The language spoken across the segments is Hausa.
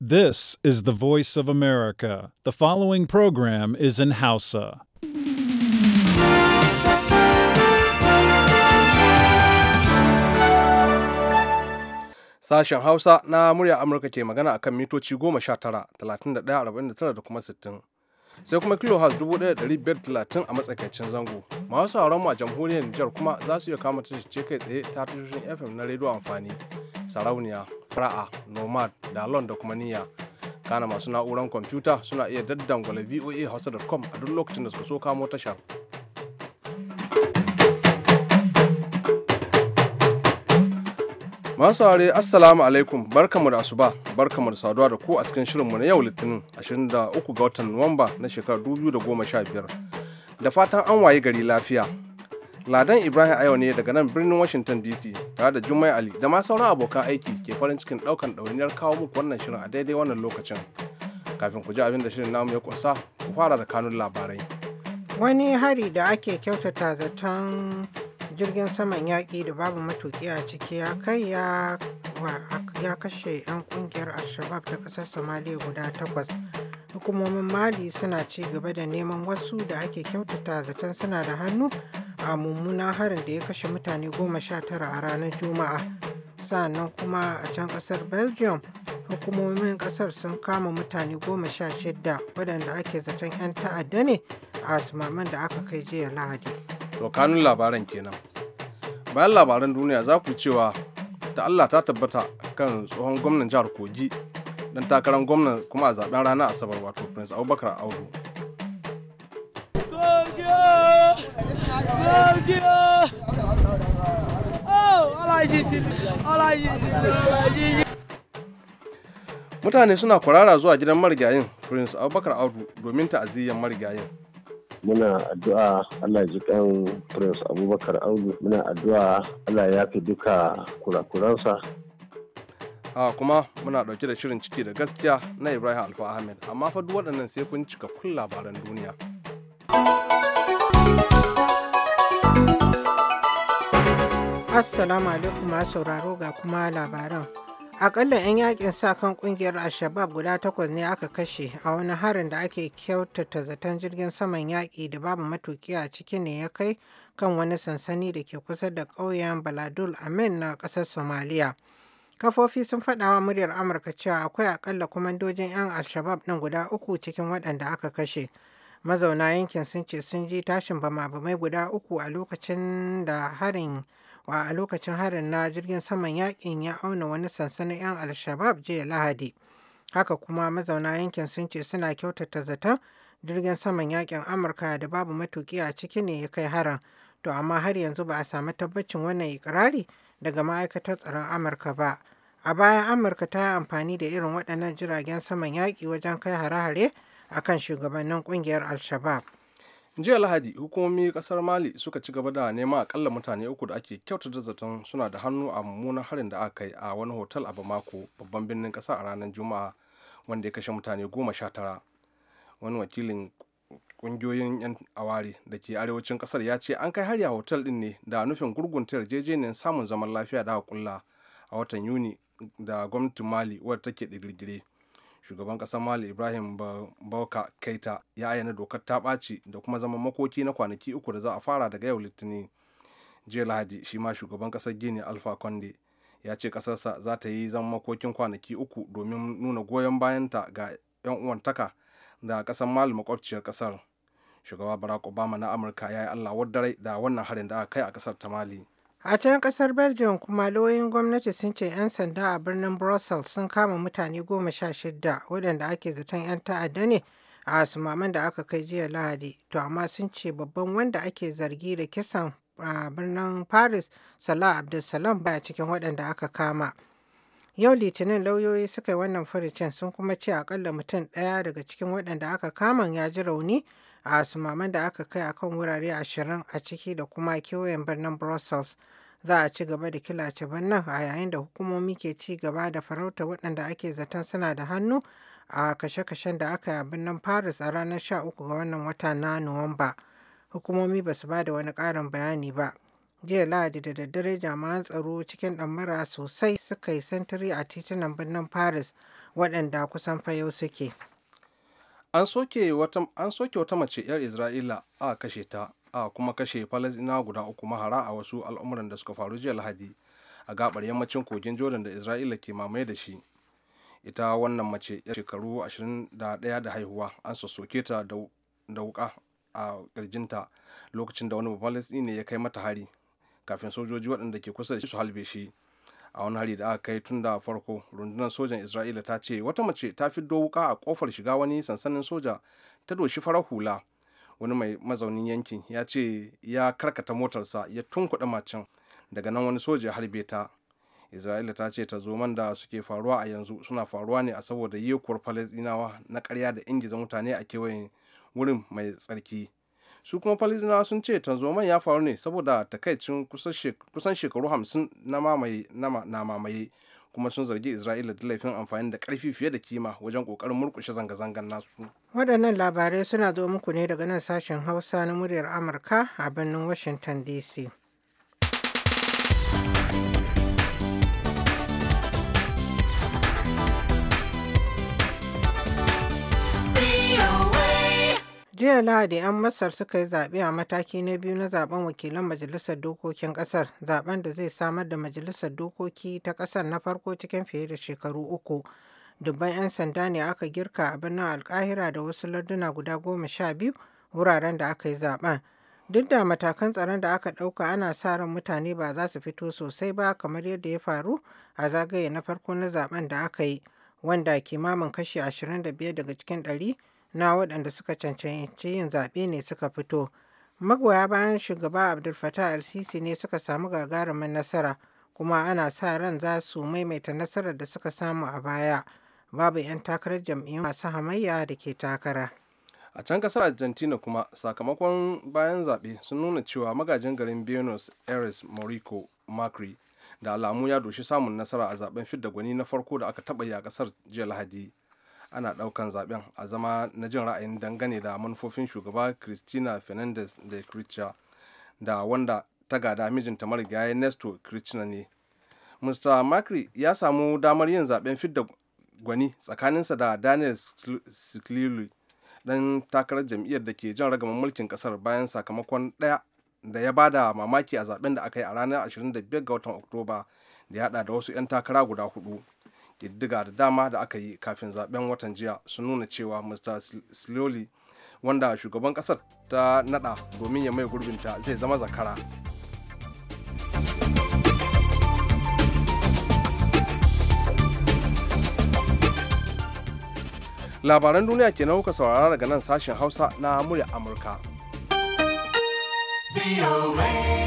This is the voice of America. The following program is in Hausa. Sashen Hausa na murya Amurka ke magana akan mitoci goma sha tara, talatin da ɗaya, arba'in da tara da kuma sittin. sai kuma kilohertz 1530 a matsakaicin zango masu sauran mu a jamhuriyar Nijar kuma za su iya kama ce kai tsaye ta tashoshin FM na rediyo amfani sarauniya fara'a nomad dalon da kuma niyya kana masu na'uran kwamfuta suna iya daddangwala voa hausa.com a duk lokacin da suka so kamo tashar Masu aure Assalamu alaikum barkamu da asuba barkamu da saduwa da ku a cikin shirinmu na yau Litinin 23 ga watan Nuwamba na shekarar 2015. Da fatan an waye gari lafiya. Ladan Ibrahim Ayo ne daga nan birnin Washington DC tare da Jummai Ali da ma sauran abokan aiki ke farin cikin ɗaukan ɗauniyar kawo muku wannan shirin a daidai wannan lokacin. Kafin ku ji abin da shirin namu ya kunsa, ku fara da kanun labarai. Wani hari da ake kyautata zaton jirgin saman yaƙi da babu matuƙi a ciki ya kai ya kashe 'yan ƙungiyar alshabab da ta ƙasar somaliya guda takwas hukumomin mali suna ci gaba da neman wasu da ake kyautata zaton suna da hannu a mummunan harin da ya kashe mutane goma sha tara a ranar juma'a sannan kuma a can ƙasar belgium hukumomin ƙasar sun kama mutane goma sha shidda waɗanda ake zaton 'yan ta'adda ne a asimaman da aka kai jiya lahadi To labaran kenan. Bayan labaran duniya za ku cewa ta Allah ta tabbata kan tsohon gwamnan jihar Kogi dan takarar gwamnan kuma a zaben ranar Asabar wato Prince Abubakar Audu. Oh, Mutane suna kwarara zuwa gidan marigayin Prince Abubakar Audu domin ta'aziyyar marigayin. muna addu'a Allah ji kan Prince Abubakar Audu muna addu'a Allah ya fi duka kurakuransa a ah, kuma muna ɗauke da shirin ciki da gaskiya na Ibrahim Alfa Ahmed amma fa duk waɗannan sai kun cika kun labaran duniya Assalamu alaikum sauraro ga kuma labaran Akalla 'yan yakin sa kan kungiyar Al-Shabab guda takwas ne aka kashe a wani harin da ake kyautata zaton jirgin saman yaƙi da babu matuki a ciki ne ya kai kan wani sansani da ke kusa da ƙauyen Baladul Amin na ƙasar Somaliya. Kafofi sun faɗawa muryar Amurka cewa akwai akalla kwamandojin 'yan Al-Shabab ɗin guda uku cikin waɗanda aka kashe. Mazauna yankin sun ce sun ji tashin bama-bamai guda uku a lokacin da harin Wa a lokacin harin na jirgin saman yakin ya auna wani sansanin 'yan al-shabab jiya lahadi haka kuma mazauna yankin sun ce suna kyautata zaton jirgin saman yakin amurka da babu matuki a ciki ne ya kai harin to amma har yanzu ba a samu tabbacin wannan ikirari daga ma'aikatar tsaron amurka ba a baya amurka ta yi amfani da irin waɗannan jiragen saman yaƙi wajen kai hare-hare akan shugabannin ƙungiyar al-shabab jiya lahadi hukumomi kasar mali suka ci gaba da neman akalla mutane uku da ake kyautata zaton suna da hannu a mummunan harin da aka yi a wani hotel a bamako babban birnin kasa a ranar juma'a wanda ya kashe mutane goma sha tara wani wakilin kungiyoyin yan awari da ke arewacin kasar ya ce an kai hari a hotel din ne da nufin gurgunta yarjejeniyar samun zaman lafiya da kulla a watan yuni da gwamnatin mali wadda take digirgire shugaban kasar mali ibrahim bauka kaita ya ayyana dokar ta ɓaci da kuma zaman makoki na kwanaki uku da za a fara daga yau litinin jiya lahadi shi ma shugaban kasar gini alfa conde ya ce kasarsa za ta yi zaman makokin kwanaki uku domin nuna goyon bayanta ga 'yan uwantaka da kasar mali makwabciyar kasar shugaba barack obama na amurka ya yi allah wadda da wannan harin da aka kai a kasar ta mali A can kasar Belgium kuma lauyoyin gwamnati sun ce 'yan sanda a birnin Brussels sun kama mutane goma sha shida waɗanda ake zaton 'yan ta'adda ne a asimaman da aka kai jiya Lahadi. To amma sun ce babban wanda ake zargi da kisan a birnin Paris Salah Abdulsalam baya cikin waɗanda aka kama. Yau Litinin lauyoyi suka yi wannan furicin sun kuma ce akalla mutum ɗaya daga cikin waɗanda aka kaman ya ji rauni a asimaman da aka kai akan wurare ashirin a ciki da kuma kewayen birnin Brussels. za a ci gaba da killace birnin a yayin da hukumomi ke ci gaba da farauta waɗanda ake zaton suna da hannu a kashe-kashen da aka yi a birnin paris a ranar 13 ga wannan wata na nuwamba hukumomi ba su ba da wani ƙarin bayani ba jiya lahadi da daddare jama'an tsaro cikin ɗamara sosai suka yi sentiri a titunan birnin paris waɗanda kusan fayau suke an soke wata mace 'yar isra'ila a kashe ta a kuma kashe falasina guda uku mahara a wasu al'umuran da suka faru jiya lahadi a gabar yammacin kogin jordan da isra'ila ke mamaye da shi ita wannan mace yar shekaru 21 da haihuwa an sassoke ta da wuka a ƙirjinta lokacin da wani falasini ya kai mata hari kafin sojoji waɗanda ke kusa da shi su halbe shi a wani hari da aka kai tun da farko rundunar sojan isra'ila ta ce wata mace ta fiddo wuka a kofar shiga wani sansanin soja ta doshi farar hula wani mai mazaunin yankin ya ce ya karkata motarsa ya tunkuɗa macen daga nan wani soja harbe ta isra'ila ta ce tazoman da suke faruwa a yanzu suna faruwa ne a saboda yiwuwar falasɗinawa na karya da ingiza mutane a kewayen wurin mai tsarki su kuma falasɗinawa sun ce tazoman ya faru ne saboda takaicin kusan shekaru hamsin na mamaye kuma sun zargi isra'ila da laifin amfani da ƙarfi fiye da kima wajen kokarin murkushe zanga-zangan nasu waɗannan labarai suna zo muku ne daga nan sashen hausa na muryar amurka a birnin washington dc Jiya Lahadi 'yan Masar suka yi zaɓe a mataki na biyu na zaben wakilan Majalisar Dokokin ƙasar, zaben da zai samar da Majalisar Dokoki ta ƙasar na farko cikin fiye da shekaru uku. Dubban 'yan sanda ne aka girka a birnin Alkahira da wasu larduna guda goma sha biyu wuraren da aka yi zaben. Duk da matakan tsaron da aka ɗauka ana sa ran mutane ba za su fito sosai ba kamar yadda ya faru a zagaye na farko na zaben da aka yi, wanda kimamin kashi biyar daga cikin ɗari na waɗanda suka cancanci yin zaɓe ne suka fito magoya bayan shugaba abdul fattah al-sisi ne suka samu gagarumin nasara kuma ana sa ran za su maimaita nasarar da suka samu a baya babu 'yan takarar jam'iyyun masu hamayya da ke takara a can kasar argentina kuma sakamakon bayan zaɓe sun nuna cewa magajin garin buenos aires morico macri da alamu ya doshi samun nasara a zaɓen fidda gwani na farko da aka taɓa yi a ƙasar jiya lahadi ana daukan zaben a zama na jin ra'ayin dangane da manufofin shugaba christina fernandez da kirchner da wanda ta gada mijinta ya nesto kirchner ne mr macri ya samu damar yin zaben fidda gwani tsakaninsa da daniel sclili dan takarar jam'iyyar da ke jan ragaman mulkin kasar bayan sakamakon daya da ya bada mamaki a zaben da aka yi a ranar 25 ga watan oktoba da ya hada da wasu 'yan takara guda hudu ƙiddiga da dama da aka yi kafin zaben watan jiya su nuna cewa mr sloli wanda shugaban ƙasar ta nada domin ya mai gurbinta zai zama zakara labaran duniya kenan kuka saurara daga nan sashen hausa na murya amurka VOA.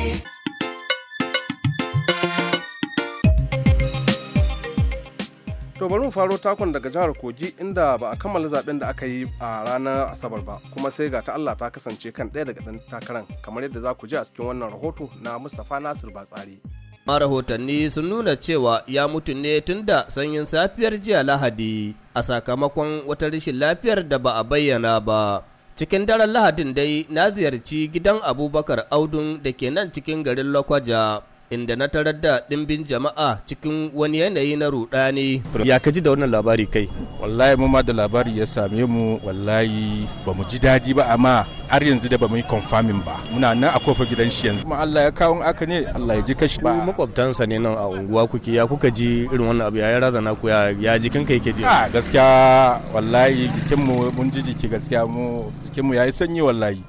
to bari mu faro takon daga jihar kogi inda ba a kammala zaben da aka yi a ranar asabar ba kuma sai ga ta allah ta kasance kan ɗaya daga ɗan takaran kamar yadda za ku ji a cikin wannan rahoto na mustapha nasir batsari rahotanni sun nuna cewa ya mutu ne tun da sanyin safiyar jiya lahadi a sakamakon wata rashin lafiyar da ba a bayyana ba cikin daren lahadin dai na ziyarci gidan abubakar audun da ke nan cikin garin lokwaja inda na tarar da ɗimbin jama'a cikin wani yanayi na rudani. Ya ka ji da wannan labari kai? Wallahi mu ma da labari ya same mu wallahi ba mu ji daɗi ba amma har yanzu da ba mu yi confirming ba muna nan a kofar gidan shi yanzu kuma Allah ya kawo aka ne Allah ya ji kashi ba makwabtansa ne nan a unguwa kuke ya kuka ji irin wannan abu ya razana ku ya jikin kai ke ji a ah, gaskiya wallahi jikin mu mun ji jiki gaskiya mu jikin mu yayi sanyi wallahi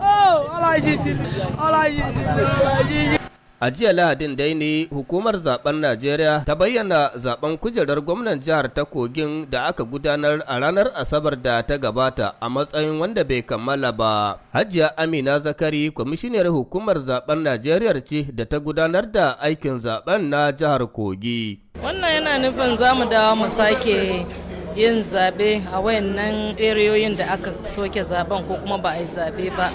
Oh, I like it. I like it. A jiya Lahadin dai ne hukumar zaben Najeriya ta bayyana zaben kujerar gwamnan jihar ta Kogin da aka gudanar a ranar Asabar da ta gabata a matsayin wanda bai kammala ba. Hajiya Amina Zakari kwamishiniyar hukumar zaben Najeriya ce da ta gudanar da aikin zaben na jihar Kogi. Wannan yana nufin za mu dawo mu sake yin zabe a wayannan eriyoyin da aka soke zaben ko kuma ba a yi zabe ba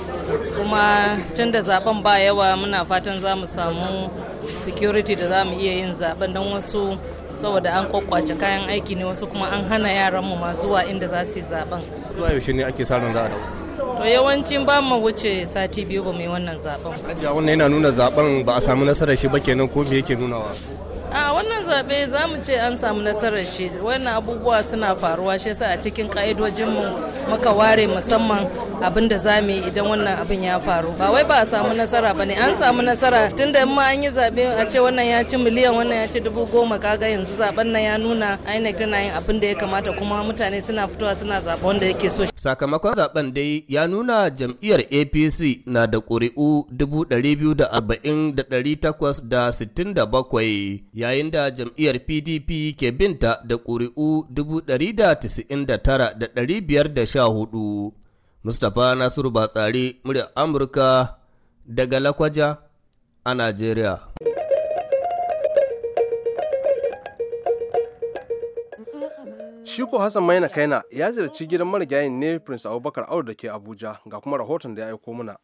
kuma tun da zaben ba yawa muna fatan za mu samu security da za mu iya yin zaben don wasu saboda an kwakwace kayan aiki ne wasu kuma an hana yaran mu ma zuwa inda za su yi zaben zuwa yaushe ne ake sa ran za a dawo to yawancin ba mu wuce sati biyu ba mu yi wannan zaben ajiya wannan yana nuna zaben ba a samu nasarar shi ba kenan ko me yake nunawa a wannan zaɓe za mu ce an samu nasarar shi wannan abubuwa suna faruwa shi yasa a cikin ƙa'idojinmu muka ware musamman abin da za mu yi idan wannan abin ya faru ba wai ba a samu nasara ba ne an samu nasara tunda in ma an yi zaɓe a ce wannan ya ci miliyan wannan ya ci dubu goma kaga yanzu zaɓen nan ya nuna INEC tana yin abin da ya kamata kuma mutane suna fitowa suna zaɓe wanda yake so. sakamakon zaɓen dai ya nuna jam'iyyar apc na da ƙuri'u dubu ɗari biyu da arba'in da ɗari takwas da sittin da bakwai yayin da jam'iyyar PDP ke binta da ƙuri'u 199,514. Mustapha Nasiru Batsari, murya Amurka daga Lakwaja a Najeriya. Shiko Hassan Maina Kaina ya ziyarci gidan marigayin ne Prince Abubakar Audu da ke Abuja ga kuma rahoton da ya aiko muna.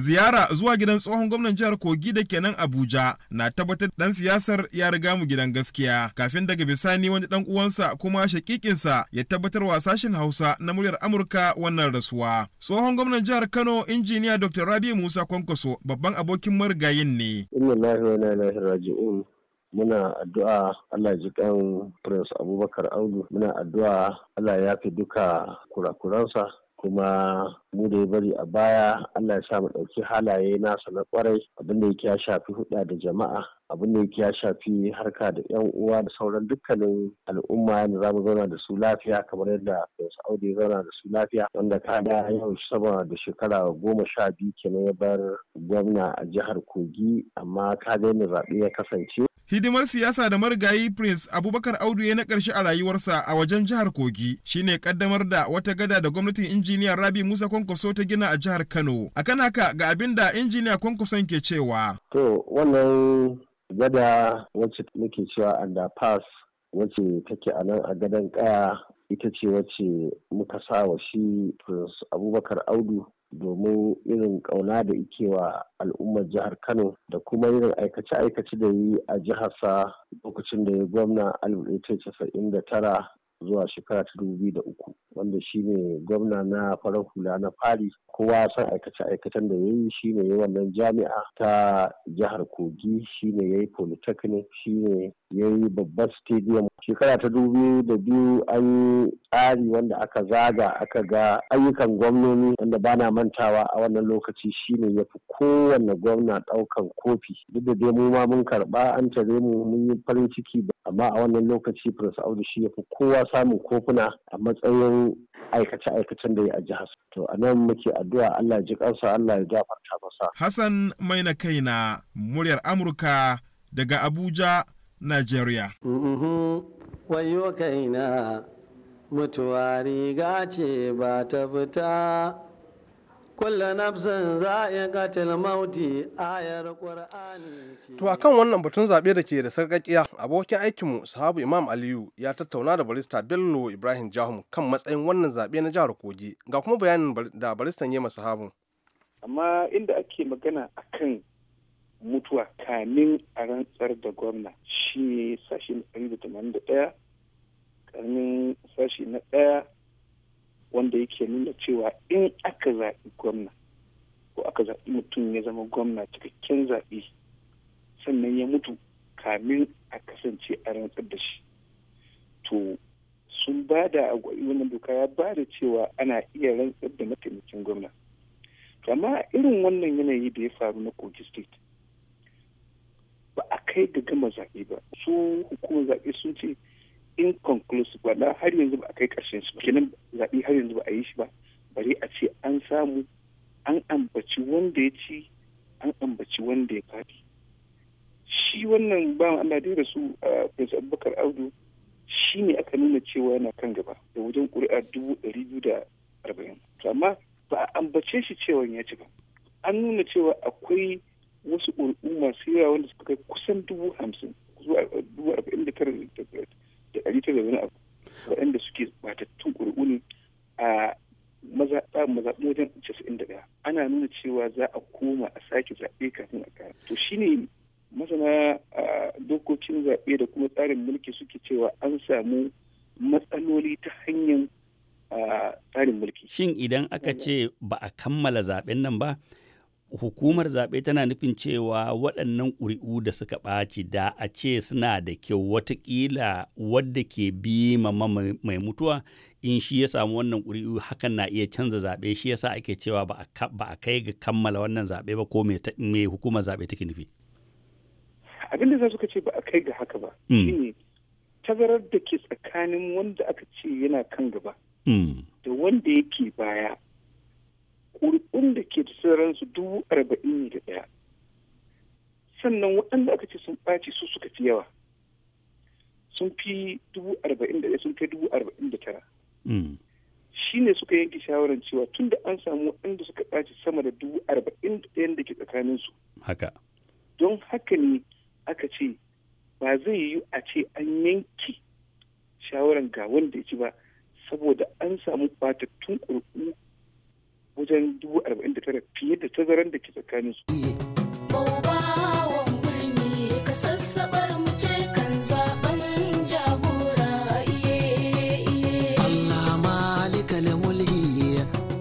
Ziyara zuwa gidan tsohon gwamnan jihar Kogi da kenan Abuja na tabbatar dan siyasar ya riga mu gidan gaskiya kafin daga bisani wani dan uwansa kuma shakikinsa ya tabbatar wa sashen Hausa na muryar Amurka wannan rasuwa. Tsohon gwamnan jihar Kano injiniya Dr. Rabi Musa Kwankwaso babban abokin marigayin ne. Inna wa inna raji'un. muna addu'a Allah ji kan Prince Abubakar Audu muna addu'a Allah ya fi duka kurakuransa kuma mu da ya bari a baya Allah ya sa mu ɗauki halaye nasa na kwarai abin da yake ya shafi huɗa da jama'a abin da yake ya shafi harka da yan uwa da sauran dukkanin al'umma yadda za mu zauna da su lafiya kamar yadda Yusuf Audu ya zauna da su lafiya wanda kada yau sama da shekara goma sha biyu kenan ya bar gwamna a jihar Kogi amma ka yadda zaɓe ya kasance Hidimar siyasa da marigayi Prince Abubakar Audu ya na karshe a rayuwarsa a wajen jihar Kogi shine kaddamar da wata gada da gwamnatin injiniya Rabi Musa Kwankwaso ta gina a jihar Kano. Akan haka ga abin da injiniya Kwankwason ke cewa. To wannan gada wacce muke cewa underpass wacce take a nan a gadon kaya ita ce wacce muka sa wa shi prince abubakar audu domin irin ƙauna da ike wa al'ummar jihar kano da kuma irin aikace-aikace da yi a jiharsa lokacin da ya gwamna tara zuwa shekara ta da uku wanda shine gwamna na farar hula na fari kowa san aikace aikacen da ya yi ne ya wannan jami'a ta jihar kogi shi ya yi polytechnic ne ya yi babban stadium shekara ta dubu da biyu an yi tsari wanda aka zaga aka ga ayyukan gwamnoni wanda bana mantawa a wannan lokaci shine ya fi kowanne gwamna ɗaukan kofi duk da dai mu ma mun karba an tare mu mun yi farin ciki amma a wannan lokaci prince audu shi yafi kowa samun kofuna a matsayin aikace-aikacen da ya a jihar to a nan muke a addu'a Allah ya ji kansa Allah ya gafarta masa. Hassan mai na kaina muryar Amurka daga Abuja, Nigeria. Wayo kaina mutuwa riga ce ba ta fita. kulla nafsin za'iqatul mauti ayar qur'ani to akan wannan batun zabe da ke da sarkakiya abokin aikinmu sahabu imam aliyu ya tattauna da barista bello ibrahim jahum kan matsayin wannan zabe na jihar kogi ga kuma bayanin da baristan masa sahabu amma inda ake magana a kan mutuwa kamin a rantsar da gwamna shi ne sashi na 181 karnin sashi na ɗaya wanda yake nuna cewa in aka zaɓi gwamna ko aka zaɓi mutum ya zama gwamna cikakken zaɓe sannan ya mutu kamin a kasance a rantsar da shi to sun ba da wannan doka ya ba da cewa ana iya rantsar da mataimakin gwamna amma irin wannan yanayi da ya faru na kogi state ba a kai ga gama zaɓe ba su hukumar zaɓe sun ce inconclusive ba na har yanzu ba a kai ƙarshen su kenan zaɓi har yanzu ba a yi shi ba bari a ce an samu an ambaci wanda ya ci an ambaci wanda ya faɗi shi wannan ba Allah dai da su Prince Abubakar Audu shi ne aka nuna cewa yana kan gaba da wajen ƙuri'a dubu ɗari biyu da arba'in amma ba a ambace shi cewa ya ci ba an nuna cewa akwai wasu ƙuri'u masu yawa wanda suka kai kusan dubu hamsin zuwa dubu arba'in da tara da ɗari tara da wani abu waɗanda suke batattun ƙuri'u ne a mazaɓa maza wajen casa'in da ɗaya ana nuna cewa za a koma a sake zaɓe kafin a kara to shine masana dokokin zaɓe da kuma tsarin mulki suke cewa an samu matsaloli ta hanyar tsarin mulki shin idan aka ce ba a kammala zaɓen nan ba hukumar zaɓe tana nufin cewa waɗannan ƙuri'u da suka ɓaci da a ce suna da kyau watakila wadda ke bi mama mai mutuwa in shi ya samu wannan ƙuri'u hakan na iya canza zaɓe shi yasa ake cewa ba a kai ga kammala wannan zaɓe ba ko mai hukumar zaɓe take nufi. Abinda za su ce ba a kai ga haka ba mm. tazarar da ke tsakanin wanda aka ce yana kan gaba mm. da wanda yake baya kurkun da ke da su dubu arba'in ne da ɗaya sannan waɗanda aka ce sun ɓaci su suka fi yawa sun fi dubu arba'in da ɗaya sun kai dubu arba'in da tara hmm. shi ne suka yanke shawarar cewa tun da an samu waɗanda suka ɓaci sama da dubu arba'in da ɗayan da ke tsakaninsu haka don haka ne aka ce ba zai yiwu a ce an yanke shawarar ga wanda ya ci ba saboda an samu ɓatattun ƙuri'u wajen dubu arba'in da tara fiye da tazaran da ke tsakanin su.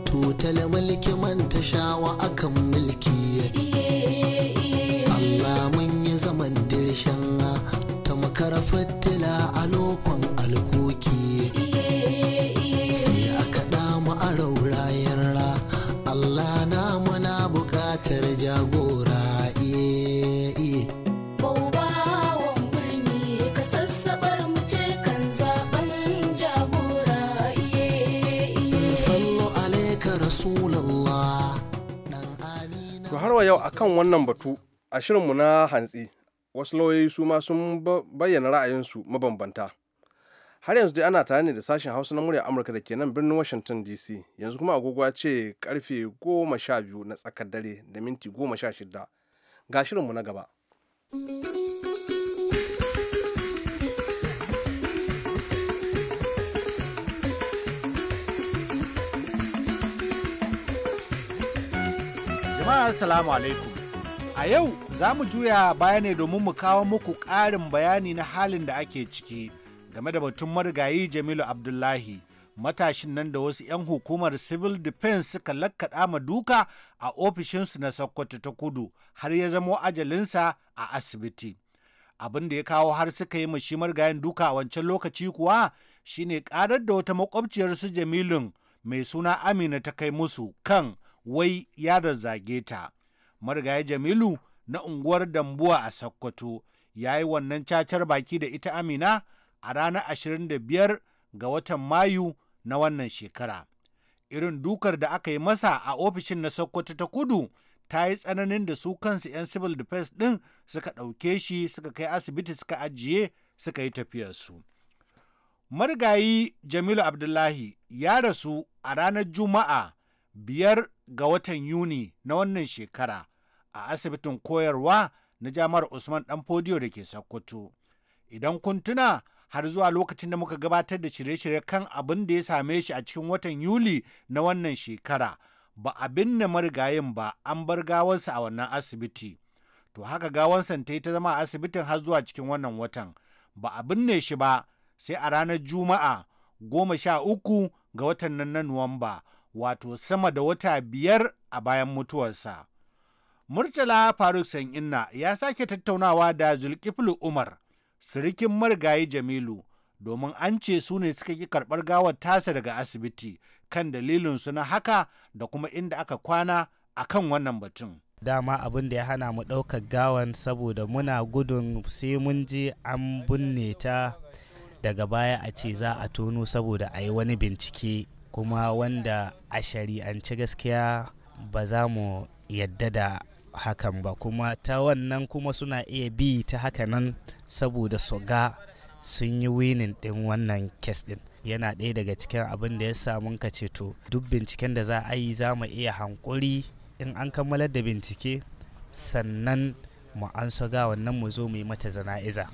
Tutala mulki manta shawa akan mulki. Allah mun yi zaman dirshan ta makara fattila a lokacin. kan wannan batu a shirinmu na hantsi wasu lauyoyi su ma sun bayyana ra'ayinsu mabambanta har yanzu dai ana tare ne da sashen hausa na murya amurka da ke nan birnin washington dc yanzu kuma agogo ce karfe goma sha biyu na tsakar dare da minti goma sha shida ga shirinmu na gaba. jama'a salamu alaikum a yau za mu juya baya ne domin mu kawo muku ƙarin bayani na halin da ake ciki game da batun marigayi jamilu abdullahi matashin nan da wasu 'yan hukumar civil defense suka lakkaɗa ma duka a ofishinsu na sokoto ta kudu har ya zamo ajalinsa a asibiti abin da ya kawo har suka yi shi marigayen duka a wancan lokaci kuwa shine karar da wata makwabciyarsu jamilun mai suna amina ta kai musu kan wai ya zazzage ta marigayi jamilu na unguwar dambuwa a sokoto ya yi wannan cacar baki da ita amina a ranar 25 ga watan mayu na wannan shekara irin dukar da aka yi masa a ofishin na sokoto ta kudu ta yi tsananin da su kansu 'yan civil defense ɗin suka ɗauke shi suka kai asibiti suka ajiye suka yi tafiyarsu. Marigayi Jamilu Abdullahi ya rasu a ranar Juma'a biyar ga watan Yuni na wannan shekara a asibitin koyarwa na jami'ar Usman ɗan fodiyo da ke Sokoto. Idan kun tuna har zuwa lokacin da muka gabatar da shirye-shirye kan abin da ya same shi a cikin watan Yuli na wannan shekara ba a binne marigayin ba an bar gawansa a wannan asibiti. To haka gawansa ta yi ta zama a asibitin har zuwa cikin wannan watan ba a binne shi ba sai a ranar Juma'a goma sha uku ga watan nan na Nuwamba. wato sama da wata biyar a bayan mutuwarsa. Murtala Faruk Sanyinna ya sake tattaunawa da Zulkiflu Umar, sirikin marigayi Jamilu, domin an ce su ne suka ki karɓar gawar tasa daga asibiti kan dalilin su na haka da kuma inda aka kwana a kan wannan batun. dama abin da ya hana mu ɗaukar gawan saboda muna gudun sai mun je an binne ta daga baya a ce za a tono saboda a yi wani bincike kuma wanda a shari'anci gaskiya ba za mu yadda da hakan ba kuma ta wannan kuma suna iya bi ta haka nan saboda su ga sun yi winin din wannan kes din yana ɗaya daga cikin abin da ya samu ka ceto duk binciken da za a yi za mu iya hankuri in an kammalar da bincike sannan mu an ga wannan mu zo mu yi mata zana'iza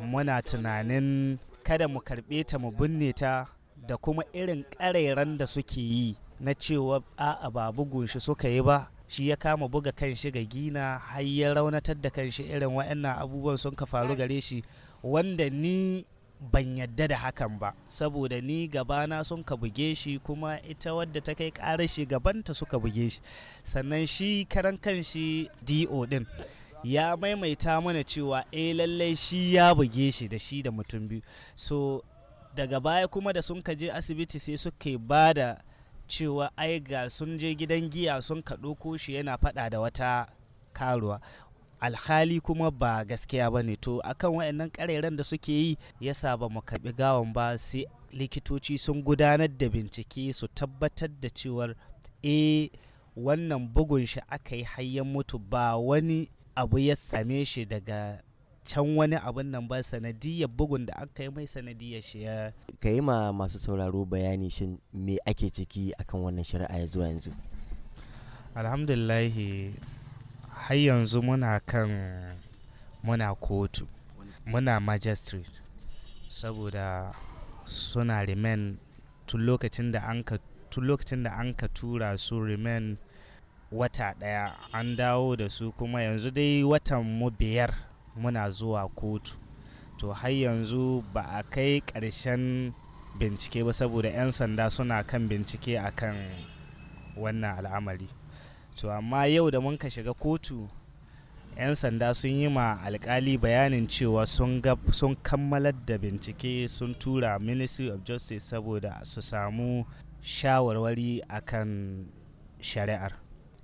muna tunanin kada mu karɓe ta mu binne ta da kuma irin ƙarairan da suke yi na cewa a'a ba bugun shi suka yi ba shi ya kama buga kan shi ga gina har ya raunatar da kan shi irin waɗannan abubuwan sun ka faru gare shi wanda ni ban yadda da hakan ba saboda ni gabana sun ka buge shi kuma ita wadda ta kai ƙara shi gabanta suka buge shi sannan shi karan kan shi do din ya maimaita mana cewa eh lallai shi ya buge shi da shi da mutum biyu so daga baya kuma da sun kaje asibiti sai suke ba da cewa ai ga sun je gidan giya sun kaɗo ko shi yana faɗa da wata karuwa alhali kuma ba gaskiya ba ne to akan waɗannan ƙareren da suke yi yasa ba mu karɓi gawan ba sai likitoci sun gudanar da bincike su tabbatar da cewar e wannan bugun shi aka yi hayyan mutu ba wani abu ya same shi daga can wani abin nan ba sanadiyar bugun da aka yi mai sanadiyar shi ya ka yi ma masu sauraro bayani shin me ake ciki akan wannan shari'a ya zuwa yanzu alhamdulahi har yanzu muna kan muna kotu muna magistrate saboda suna remain tun lokacin da an ka tun lokacin da an ka tura su remain wata daya an dawo da su kuma yanzu dai watan mu biyar muna zuwa kotu to har yanzu ba a kai ƙarshen bincike ba saboda 'yan sanda suna kan bincike a kan wannan al'amari to amma yau da mun ka shiga kotu 'yan sanda sun yi ma alkali bayanin cewa sun kammalar da bincike sun tura ministry of justice saboda su samu shawarwari akan shari'ar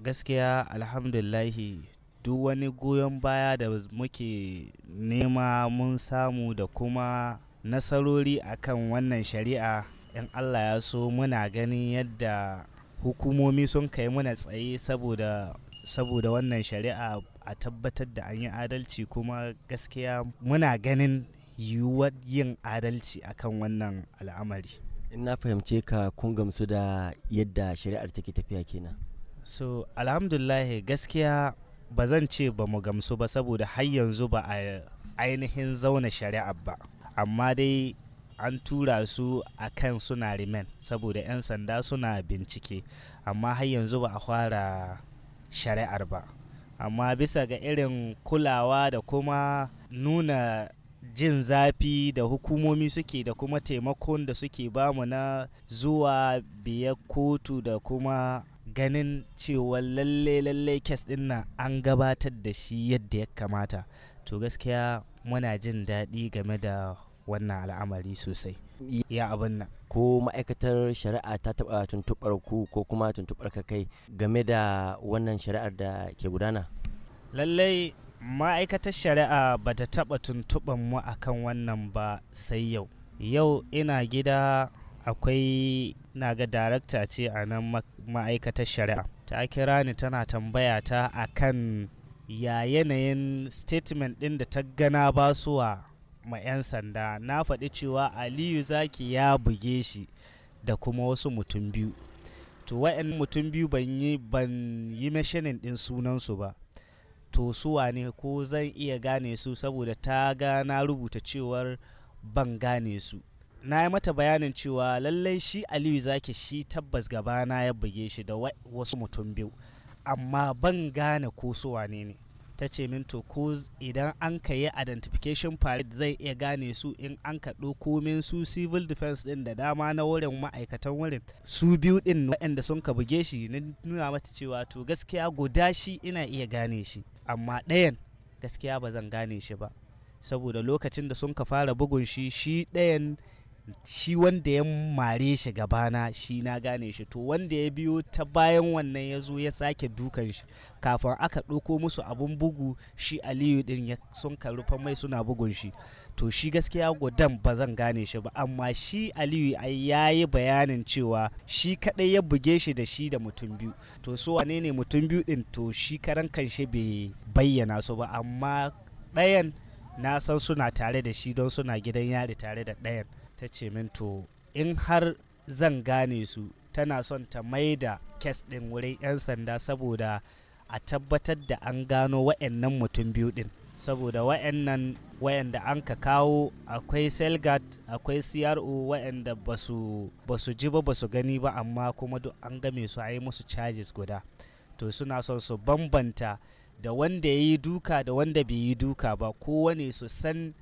gaskiya alhamdulahi duk wani goyon baya da muke nema mun samu da kuma nasarori akan wannan shari'a in allah ya so muna ganin yadda hukumomi sun kai muna tsaye saboda wannan shari'a a tabbatar da an yi adalci kuma gaskiya muna ganin yiwuwar yin adalci akan wannan al'amari in na fahimce ka kun gamsu da yadda shari'ar take tafiya kenan so alhamdulahi gaskiya ba zan ce ba mu gamsu ba saboda har yanzu ba a ainihin zauna shari'a ba amma dai an tura su a kan suna riman saboda 'yan sanda suna bincike amma har yanzu ba a fara shari'ar ba amma bisa ga irin kulawa da kuma nuna jin zafi da hukumomi suke da kuma taimakon da suke bamu na zuwa biya kotu da kuma ganin cewa lalle lalle kes din na an gabatar da shi yadda ya kamata to gaskiya muna jin daɗi game da wannan al'amari sosai ya abin nan ko ma'aikatar shari'a ta taɓa tuntuɓar ku ko kuma tuntuɓar ka kai game da wannan shari'ar da ke gudana lallai ma'aikatar shari'a ba ta taɓa tuntuɓar mu akan wannan ba sai yau yau ina gida akwai na ga darakta ce a nan ma'aikatar shari'a ta kira ni tana tambaya ta a kan ya yanayin statement ɗin da ta gana ba basuwa ma 'yan sanda na faɗi cewa aliyu zaki ya buge shi da kuma wasu mutum biyu to wa'yan mutum biyu ban yi ban yi mashinin ɗin sunansu ba to su wane ko zan iya gane su saboda ta ga na rubuta cewar ban gane su na yi mata bayanin cewa lallai shi aliyu zaki shi tabbas gaba na ya buge shi da wasu mutum biyu amma ban gane ko su wane ne ta ce min to ko idan an ka yi identification parade zai iya gane su in an ka ɗauko min su civil defense din da dama na wurin ma'aikatan wurin su biyu din waɗanda sun ka buge shi na nuna mata cewa to gaskiya guda shi ina iya gane shi amma ɗayan gaskiya ba zan gane shi ba saboda lokacin da sun ka fara bugun shi shi ɗayan shi wanda ya mare shi gabana shi na gane shi to wanda ya biyo ta bayan wannan ya zo ya sake dukan shi kafin aka ɗauko musu abun bugu shi aliyu ɗin sun karrufa mai suna bugun shi to shi gaskiya gudan ba zan gane shi ba amma shi aliyu ya yi bayanin cewa shi kadai ya buge shi da shi da mutum biyu to so wane ne mutum biyu ɗin to shi karan kanshi bai bayyana su ba amma ɗayan na san suna tare da shi don suna gidan yari tare da ɗayan ta ce min to in har zan gane su tana son ta mai da kes ɗin wurin 'yan sanda saboda a tabbatar da an gano wa'annan mutum biyu ɗin saboda wa'annan wa'anda an ka kawo akwai selgat akwai cro wa'anda ba su ji ba ba su gani ba amma kuma duk an game su a yi musu charges guda to suna son su bambanta da wanda ya yi duka da wanda bai yi duka ba kowane su san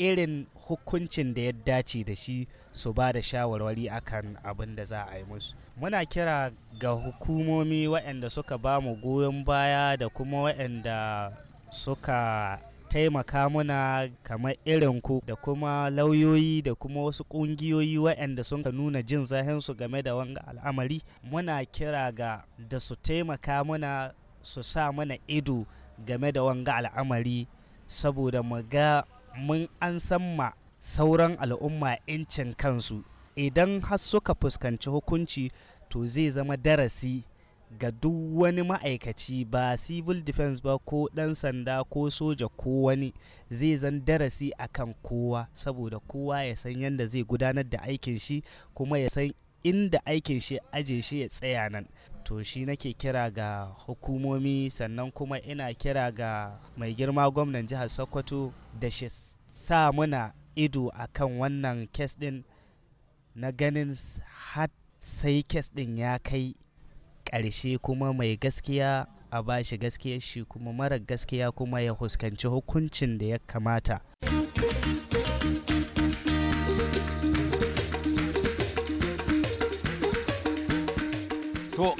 irin hukuncin da ya dace da shi su ba da shawarwari akan abin da za a yi musu muna kira ga hukumomi waɗanda suka ba mu goyon baya da kuma waɗanda suka taimaka muna kamar irin ku da kuma lauyoyi da kuma wasu kungiyoyi waɗanda sun ka nuna jin zahensu game da wanga al'amari muna kira ga da su taimaka muna su sa mana ido game da wanga al'amari saboda mu ga mun an san ma sauran al'umma 'yancin kansu idan har suka fuskanci hukunci to zai zama darasi ga duk wani ma'aikaci ba civil defense ba ko ɗan sanda ko soja ko wani zai zan darasi akan kowa saboda kowa ya san yadda zai gudanar da aikin shi kuma ya san inda aikin shi aje shi ya tsaya nan to shi nake kira ga hukumomi sannan kuma ina kira ga mai girma gwamnan jihar sokoto da shi sa muna ido a kan wannan kes ɗin na ganin har sai kes ɗin ya kai ƙarshe kuma mai gaskiya a bashi gaskiya shi kuma mara gaskiya kuma ya huskanci hukuncin da ya kamata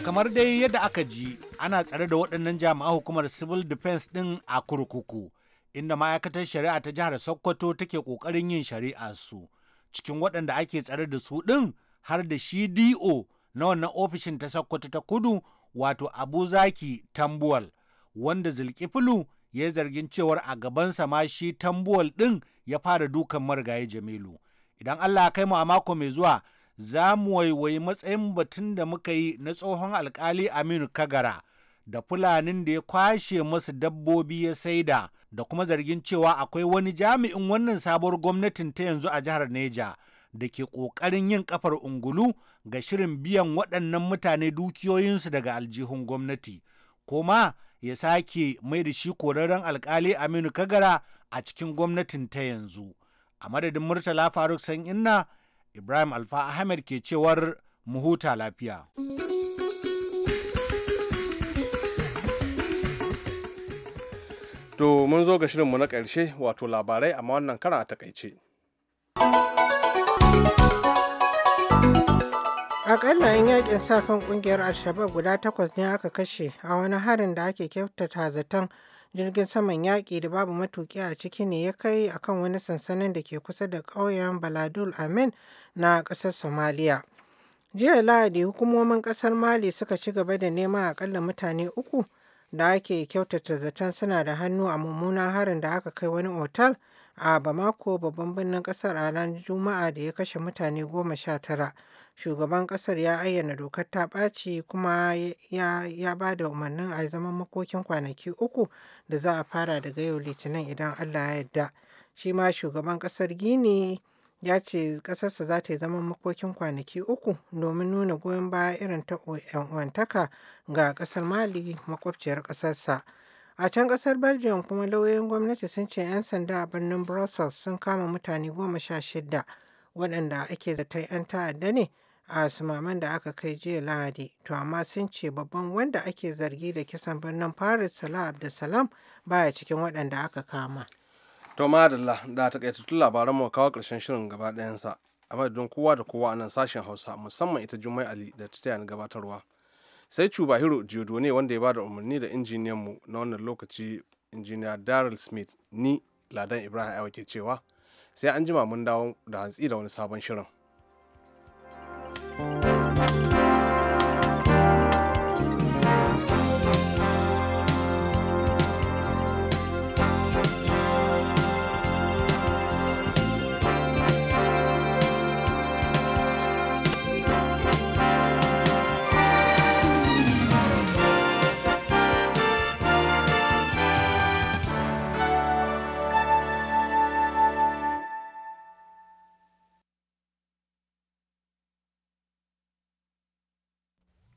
kamar dai yadda aka ji ana tsare da waɗannan jami'an hukumar civil defense ɗin a kurkuku inda ma'aikatar shari'a ta jihar sokoto take ƙoƙarin yin shari'a su cikin waɗanda ake tsare da su ɗin har da shi do na wannan ofishin ta sokoto ta kudu wato abu zaki tambuwal wanda zulkifilu ya yi zargin cewar a gabansa ma shi tambuwal ɗin ya fara dukan marigayi jamilu idan allah ya kai mu a mako mai zuwa za mu waiwayi matsayin batun da muka yi na tsohon alkali Aminu Kagara da Fulanin da ya kwashe masu dabbobi ya saida da kuma zargin cewa akwai wani jami'in wannan sabuwar gwamnatin ta yanzu a jihar Neja da ke ƙoƙarin yin kafar ungulu ga shirin biyan waɗannan mutane dukiyoyinsu daga aljihun gwamnati. Koma ya sake mai da shi korarren alkali Aminu Kagara a cikin gwamnatin ta yanzu. A madadin Murtala Faruk San Inna Ibrahim Alfa Ahmed ke cewar mu huta lafiya. To mun zo ga shirin mu na ƙarshe wato labarai amma wannan kana a takaice. aƙalla yin yakin sa kan ƙungiyar Alshabab guda takwas ne aka kashe a wani harin da ake kyautata zaton jirgin saman yaƙi da babu matuƙi a ciki ne ya kai akan wani sansanin da ke kusa da ƙauyen baladul amin na ƙasar somaliya jiya lahadi hukumomin ƙasar mali suka ci gaba da neman akalla mutane uku da ake kyautata zaton suna da hannu a mummunan harin da aka kai wani otal a Bamako babban birnin kasar a ranar Juma'a da ya kashe mutane goma sha tara. Shugaban kasar ya ayyana dokar ta ɓaci kuma ya, ba da umarnin a zaman makokin kwanaki uku da za a fara daga yau litinin idan Allah ya yarda. Shi ma shugaban kasar Gini ya ce kasarsa za ta yi zaman makokin kwanaki uku domin nuna goyon baya irin ta uwantaka ga kasar Mali makwabciyar kasarsa. A can kasar Belgium kuma lauyoyin gwamnati sun ce 'yan sanda a birnin Brussels sun kama mutane goma sha shida waɗanda ake zaton 'yan ta'adda ne a sumaman da aka kai jiya Lahadi. To amma sun ce babban wanda ake zargi da kisan birnin Paris Salah Abdulsalam baya cikin waɗanda aka kama. To madalla da takaitattun labaran mu kawo ƙarshen shirin gaba ɗayansa. A madadin kowa da kowa a nan sashen Hausa musamman ita Jummai Ali da ta gabatarwa. sai Cubahiro ne wanda ya bada umarni da injiniyanmu na wannan lokaci injiniya Daryl Smith ni Ladan Ibrahim Aiwa ke cewa sai an jima mun dawo da hantsi da wani sabon shirin. thank you